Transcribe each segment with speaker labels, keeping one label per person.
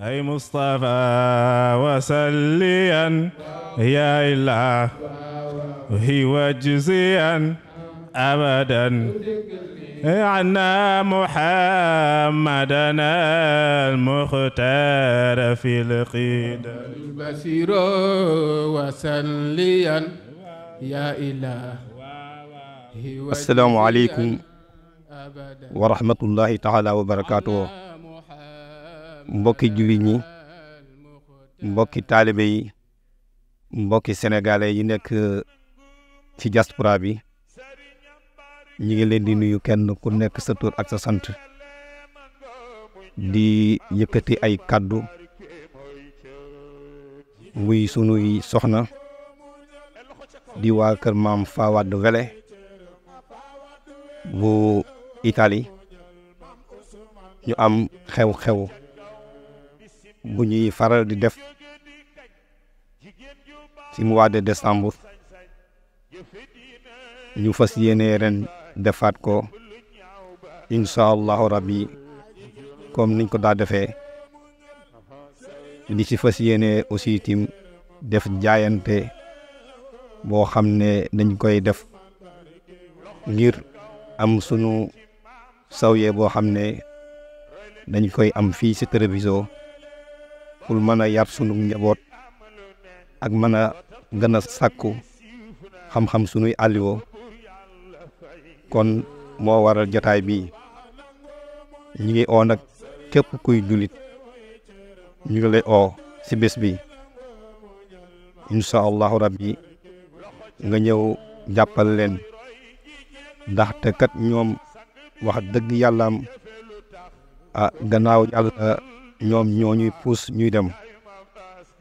Speaker 1: أي مصطفى وسليا يا إله وجزيا أبدا عنا محمدنا المختار في القيد
Speaker 2: البشير
Speaker 3: وسليا يا إله السلام عليكم
Speaker 1: ورحمة الله تعالى وبركاته mbokki jullit ñi mbokki taalibe yi mbokki sénégalais yi nekk ci diaspora bi ñi ngi leen di nuyu kenn ku nekk sa tur ak sa sant di yëkkati ay kàddu muy sunuy soxna di waa kër maam Fawade Wele bu Italie ñu am xew-xew bu ñuy faral di def ci mois de décembre ñu fas yéene ren defaat ko incha allahu rabbi comme niñ ko daa defee di ci fas yéene aussi itam def jaayante boo xam ne dañ koy def ngir am sunu sawye boo xam ne dañ koy am fii ci Treviso pour mëna yar sunu njaboot ak mëna gëna sakku xam-xam suñu aliwo kon mo waral jotaay bi ñi ngi on ak képp kuy julit ñu lay o ci bës bi insha allah rabbi nga ñew jappal leen te kat ñoom wax dëgg yàllaam ah gannaaw yàlla ñoom ñoo ñuy puus ñuy dem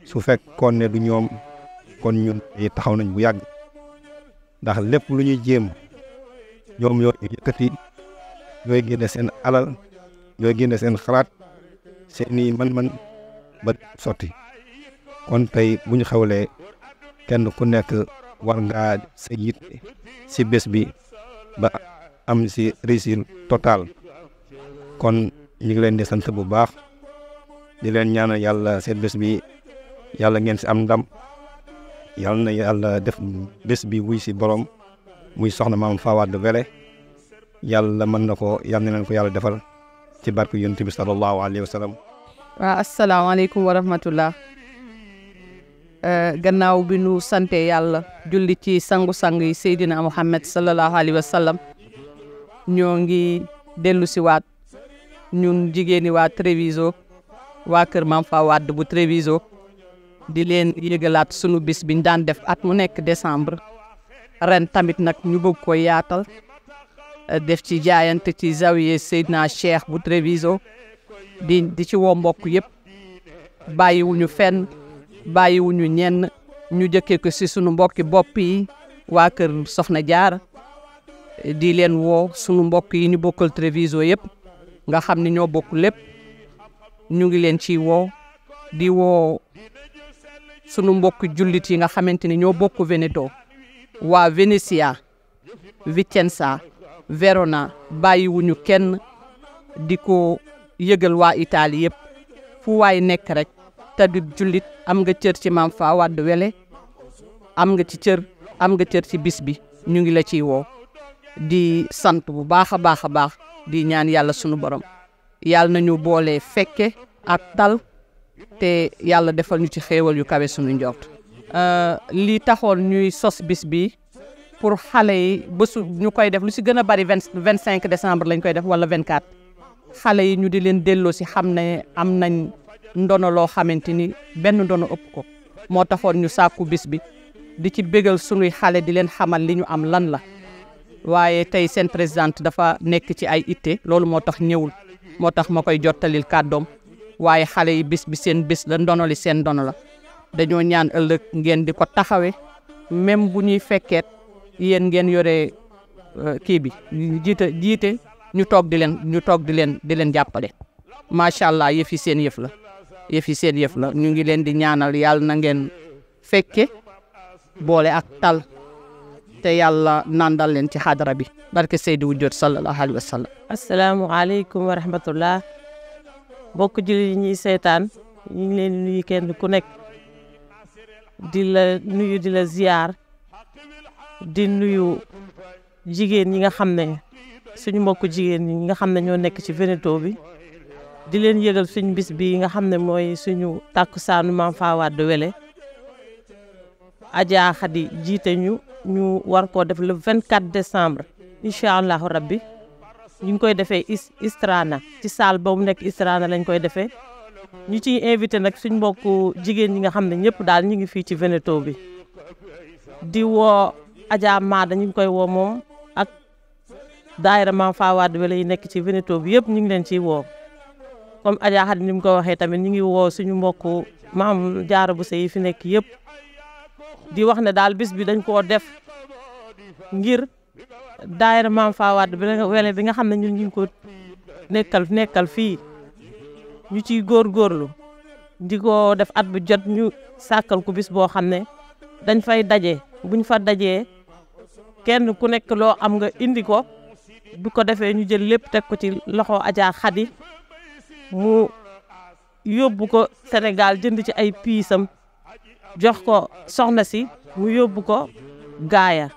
Speaker 1: su fekkoon ne du ñoom kon ñun taxaw nañ bu yàgg ndax lépp lu ñuy jéem ñoom ñoo yëkkati ñooy génne seen alal ñooy génne seen xalaat seeni man-man ba sotti kon tey bu ñu xewlee kenn ku nekk war ngaa sa yitte si bés bi ba am si réussite totale kon ñu ngi leen di bu baax di leen ñaanal yàlla seen bés bi yàlla ngeen si am ndam yàlla na yàlla def bés bi wuy si borom muy soxna maam Fawade Wele yàlla mën na ko yàlla na leen ko yàlla defal ci barke yonent bi sallallahu alayhi wa sallam.
Speaker 3: waaw asalaamaaleykum wa rahmatullah euh, gannaaw bi nu sante yàlla julli ci sangu-sang yi Seydina Muhammad sallallahu alayhi wa ñoo ngi dellu si waat ñun jigéeni waa Treviso waa kër Maam Fa Wade bu Treviso di leen yëgalaat sunu bis biñ daan def at mu nekk décembre ren tamit nag ñu bëgg ko yaatal eh, def ci jaayante ci zawiye naa Cheikh bu Treviso di di ci woo mbokk yëpp bàyyiwuñu fenn bàyyiwuñu ñenn ñu jëkkee ko si sunu mbokki bopp yi waa kër Soxna Jaara di leen woo sunu mbokk yi ñu bokkal Treviso yëpp nga xam ni ñoo bokk lépp ñu ngi leen ci woo di woo sunu mbokku jullit yi nga xamante ni ñoo bokk Veneto waa Venezia Vicenza Verona bàyyiwuñu kenn di ko yëgal waa Italie yëpp fu waay nekk rek te du jullit am nga cër ci Mame Faa Wade Wele am nga am nga cër ci bis bi ñu ngi la ciy woo di sant bu baax a baax a baax di ñaan yàlla sunu borom yàlla nañu boole fekke ak tal te yàlla defal ñu ci xewal yu kawe suñu njort euh, lii taxoon ñuy sos bis bi pour xale yi bésu ñu koy def lu si gën a bari vingt vingt cinq décembre lañ koy def wala vingt quatre xale yi ñu di leen delloo si xam ne am nañ ndono loo xamante ni benn ndono ëpp ko moo taxoon ñu sàkku bis bi di ci bégal sunuy xale di leen xamal li ñu am lan la waaye tey seen présidente dafa nekk ci ay itte loolu moo tax ñëwul moo tax ma koy jottalil kàddoom waaye xale yi bis bi seen bis la ndonoli seen ndono la dañoo ñaan ëllëg ngeen di ko taxawee même bu ñuy fekkeet yéen ngeen yore euh, kii bi jiite jiite ñu toog di leen ñu toog di leen di leen jàppale macha allah yëf seen yëf la yëf seen yëf la ñu ngi leen di ñaanal yàlla na ngeen fekke boole ak tal te yàlla nandal leen ci xadara bi barke Seydou Dior sallallahu alayhi wa sallam.
Speaker 2: asalaamualeykum wa rahmatullah mbokk jullit yi ñuy seetaan ñu ngi leen nuyu kenn ku nekk di la nuyu di la ziar di nuyu jigéen ñi nga xam ne suñu mbokku jigéen ñi nga xam ne ñoo nekk ci Veneto bi di leen yëgal suñu bis bi nga xam ne mooy suñu takkusaanu Maam Fawade Wele Adja Khady jiite ñu ñu war koo def le 24 décembre incha allahu rabbi ñu ngi koy defee Istrana ci salle boobu nekk Istrana lañ koy defee ñu ci invité nag suñ mbokku jigéen ñi nga xam ne ñëpp daal ñu ngi fii ci Veneto bi di woo Adja Maada ñu ngi koy woo moom ak daayira Maam Fawade Wele yi nekk ci Veneto bi yëpp ñu ngi leen ciy woo comme Adja Khady ni mu ko waxee tamit ñu ngi woo suñu mbokku maam jaara bu sey yi fi nekk yëpp di wax ne daal bis bi dañ koo def ngir daayira maam fa wad bi nga nga xamné ñun ñu ko nekkal nekkal fi ñu ciy lu di ko def at bu jot ñu sakal ku bis bo xamné dañ fay daje buñ fa dajé kenn ku nekk lo am nga indi ko bu ko defé ñu jël lepp tek ko ci loxo Adja khadi mu yobbu ko senegal jënd ci ay piisam jox ko soxna si mu yóbbu ko gaaya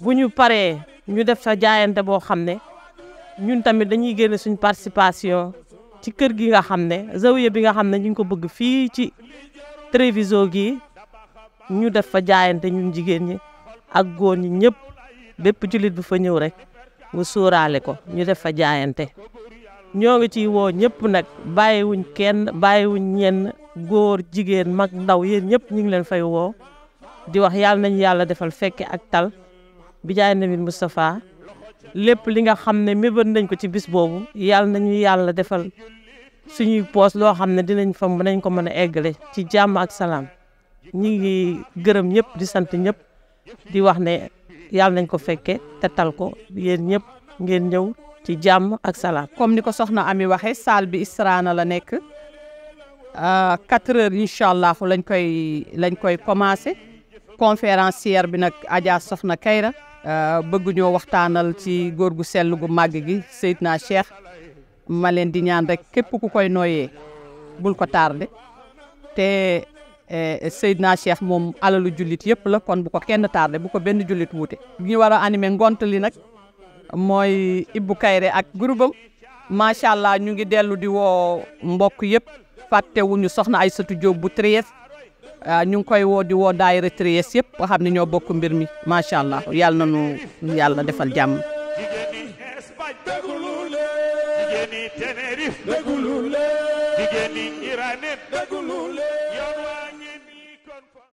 Speaker 2: bu ñu paree ñu def sa jaayante boo xam ne ñun tamit dañuy génne suñ participation ci kër gi nga xam ne zawiya bi nga xam ne ñu ngi ko bëgg fii ci Treviso gi ñu def fa jaayante ñun jigéen ñi ak góor ñi ñëpp bépp jullit bu fa ñëw rek mu sóoraale ko ñu def jaayante ñoo ngi ciy woo ñëpp nag bàyyiwuñ kenn bàyyiwuñ ñenn góor jigéen mag ndaw yéen ñëpp ñu ngi leen fay woo di wax yàlla nañ yàlla defal fekke ak tal bi na nabi Moustapha lépp li nga xam ne mébét nañ ko ci bis boobu yàlla nañu yàlla defal suñuy poos loo xam ne dinañ fa nañ ko mën a eggale ci jàmm ak salaam ñu ngi gërëm ñëpp di sant ñëpp di wax ne yàlla nañ ko fekke te tal ko yéen ñëpp ngeen ñëw ci jàmm ak salaam. comme ni ko soxna Ami waxee salle bi Israana
Speaker 3: la nekk quatre heures incha allah lañ koy lañ koy commencé conférencière bi nag Adja Soxna Kayra euh, bëgg ñoo waxtaanal ci góor gu sell gu màgg gi Seydina Cheikh ma leen di ñaan rek képp ku koy nooyee bul ko tardé te euh, Seydina Cheikh moom alalu jullit yëpp la kon bu ko kenn tardé bu ko benn jullit wuute. ñu war a animé ngont li nag. mooy Ibou Kayre ak groupe am macha allah ñu ngi dellu di woo mbokk yëpp fàttewuñu soxna Aïssatou Diop bu Tries ah, ñu ngi koy woo di woo daayira Tries yëpp nga xam ne ñoo bokk mbir mi macha allah yàlla nañu yàlla defal jàmm.